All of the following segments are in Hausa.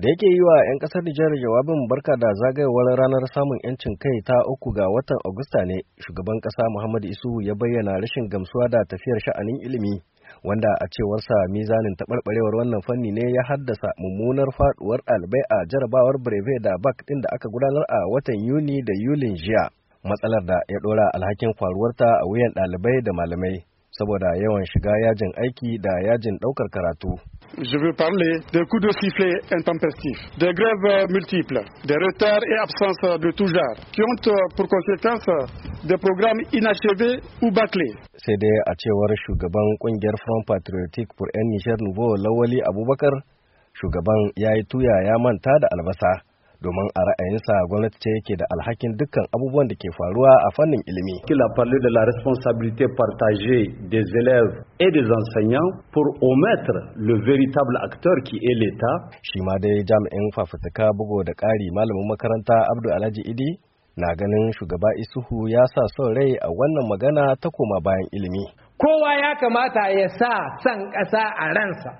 da yake yi wa 'yan kasar Nijar jawabin barka da zagayowar ranar samun 'yancin kai ta uku ga watan Agusta ne shugaban ƙasa Muhammadu Isu ya bayyana rashin gamsuwa da tafiyar sha'anin ilimi wanda a cewarsa mizanin taɓarɓarewar wannan fanni ne ya haddasa mummunar faɗuwar ɗalibai a jarabawar breve da bak ɗin da aka gudanar a watan Yuni da Yulin jiya matsalar da ya ɗora alhakin faruwarta a wuyan ɗalibai da malamai saboda yawan shiga yajin aiki da yajin ɗaukar karatu. Je veux parler des coups de sifflet intempestifs, des grèves multiples, des retards et absences de tout genre, qui ont euh, pour conséquence des programmes inachevés ou bâclés. C'est des a cewar shugaban Front Patriotique pour un Niger Nouveau Lawali Abubakar, shugaban ya yi tuya ya domin a ra'ayinsa gwamnati ce yake da alhakin dukkan abubuwan da ke faruwa a fannin ilimi. la parler de la responsabilité partagée des élèves et des enseignants pour omettre le véritable acteur qui est l'État. Shi ma dai jami'in fafutuka bugo da ƙari malamin makaranta Abdul Alhaji Idi na ganin shugaba Isuhu ya sa son rai a wannan magana ta koma bayan ilimi. Kowa ya kamata ya sa son ƙasa a ransa,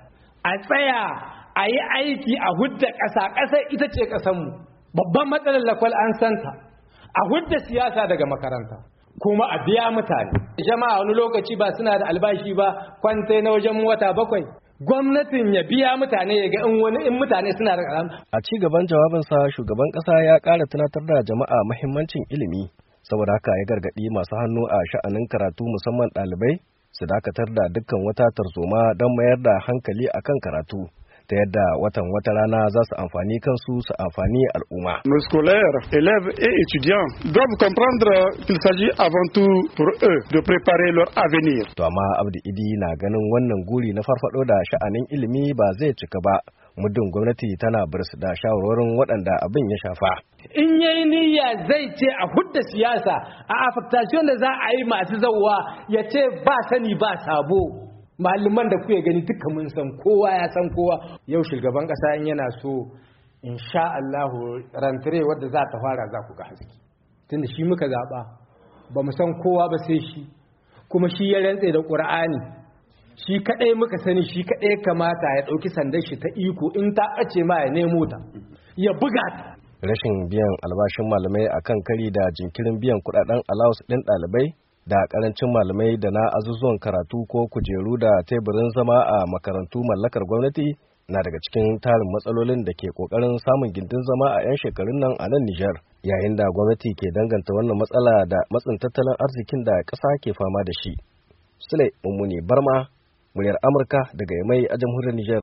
a tsaya a yi aiki a hudda ƙasa ƙasar ita ce ƙasanmu babban matsalar lakwal an santa a hudda siyasa daga makaranta kuma a biya mutane jama'a wani lokaci ba suna da albashi ba kwantai na wajen wata bakwai gwamnatin ya biya mutane ya ga in wani in mutane suna da karam. A ci gaban jawabinsa shugaban ƙasa ya ƙara tunatar da jama'a mahimmancin ilimi saboda haka ya gargaɗi masu hannu a sha'anin karatu musamman ɗalibai su dakatar da dukkan wata tarzoma don mayar da hankali akan karatu. ta yadda watan wata rana za su amfani kansu su amfani al'umma. scolaire, élèves et étudiants doivent comprendre qu'il s'agit avant tout pour eux de préparer leur avenir. To amma Abdi Idi na ganin wannan guri na farfado da sha'anin ilimi ba zai cika ba muddin gwamnati tana birsu da shawarwarin waɗanda abin ya shafa. In yayi niyya zai ce a hudda siyasa a afirtashiyon da za a yi masu zauwa ya ce ba sani ba sabo. malaman da kuke gani duka mun san kowa ya san kowa yau shugaban kasa in yana so insha Allah rantare wadda za ta fara za ku ga haske tunda shi muka zaba ba mu san kowa ba sai shi kuma shi ya rantse da Qur'ani shi kadai muka sani shi kadai kamata ya dauki sandar shi ta iko in ta ace ma ya nemo ta ya buga ta rashin biyan albashin malamai akan kari da jinkirin biyan kudaden allowance din dalibai da karancin malamai da na azuzuwan karatu ko kujeru da teburin zama a makarantu mallakar gwamnati na daga cikin tarin matsalolin da ke kokarin samun gindin zama a 'yan shekarun nan a nan Nijar yayin da gwamnati ke danganta wannan matsala da matsin tattalin arzikin da ƙasa ke fama da shi. Sule Mummuni Barma, muryar Amurka daga Yamai a jamhuriyar Nijar.